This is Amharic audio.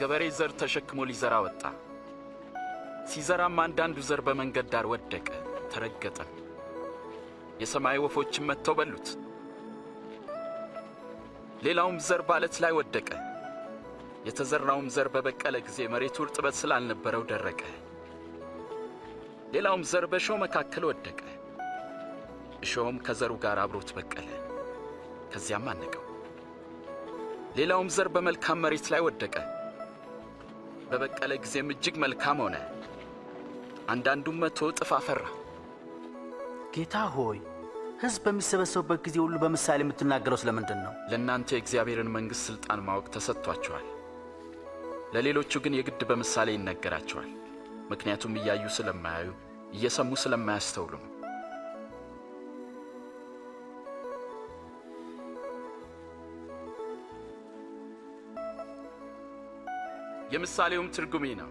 ገበሬ ዘር ተሸክሞ ሊዘራ ወጣ። ሲዘራም አንዳንዱ ዘር በመንገድ ዳር ወደቀ፣ ተረገጠ። የሰማይ ወፎችም መጥተው በሉት። ሌላውም ዘር ባለት ላይ ወደቀ። የተዘራውም ዘር በበቀለ ጊዜ መሬቱ እርጥበት ስላልነበረው ደረቀ። ሌላውም ዘር በእሾህ መካከል ወደቀ። እሾህም ከዘሩ ጋር አብሮት በቀለ፣ ከዚያም አነቀው። ሌላውም ዘር በመልካም መሬት ላይ ወደቀ። በበቀለ ጊዜም እጅግ መልካም ሆነ። አንዳንዱም መቶ እጥፍ አፈራ። ጌታ ሆይ ሕዝብ በሚሰበሰቡበት ጊዜ ሁሉ በምሳሌ የምትናገረው ስለምንድን ነው? ለእናንተ የእግዚአብሔርን መንግሥት ሥልጣን ማወቅ ተሰጥቷችኋል፣ ለሌሎቹ ግን የግድ በምሳሌ ይነገራቸዋል። ምክንያቱም እያዩ ስለማያዩ እየሰሙ ስለማያስተውሉ ነው። የምሳሌውም ትርጉሜ ነው።